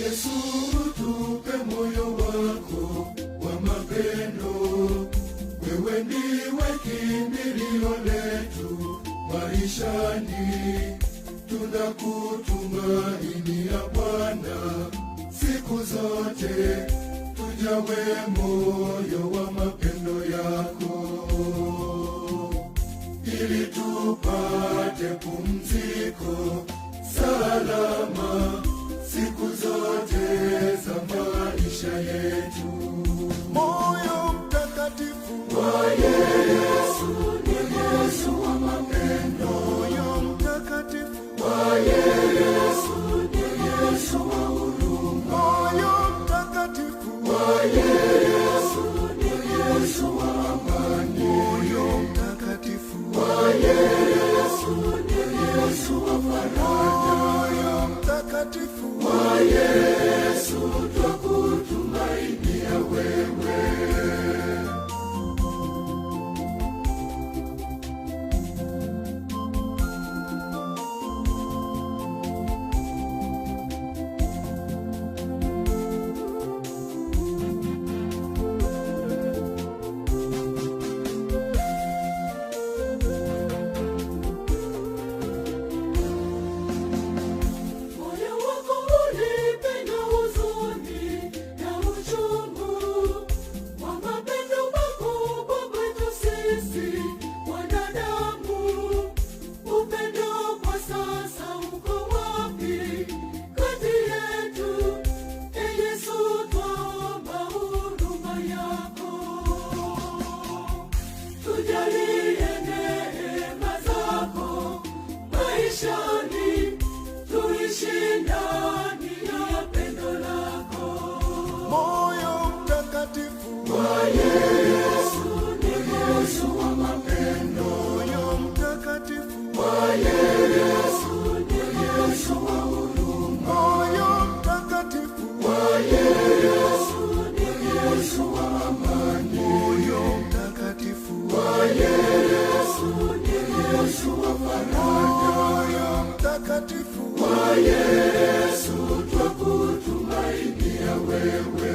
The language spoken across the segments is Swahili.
Yesu, tupe moyo wako wa mapendo. Wewe ndiwe kimbilio letu maishani, tunakutumainia Bwana siku zote, tujawe moyo wa mapendo yako ili tupate pumziko sala yetu, moyo mtakatifu wa Yesu. Tujarı Yesu twakutumainia wewe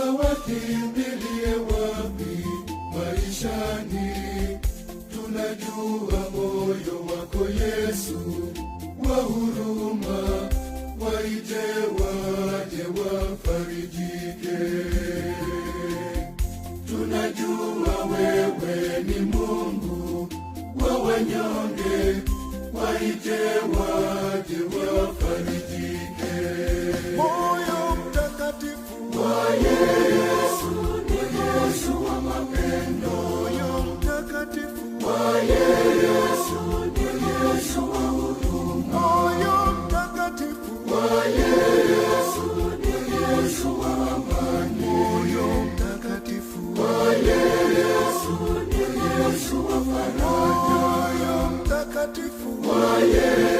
sasa wakimbilie wapi maishani? Tunajua moyo wako Yesu wa huruma, waite waje wafarijike. Tunajua wewe ni Mungu wa wanyonge, waite waje Yeah.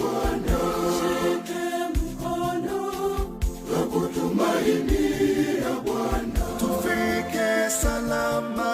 my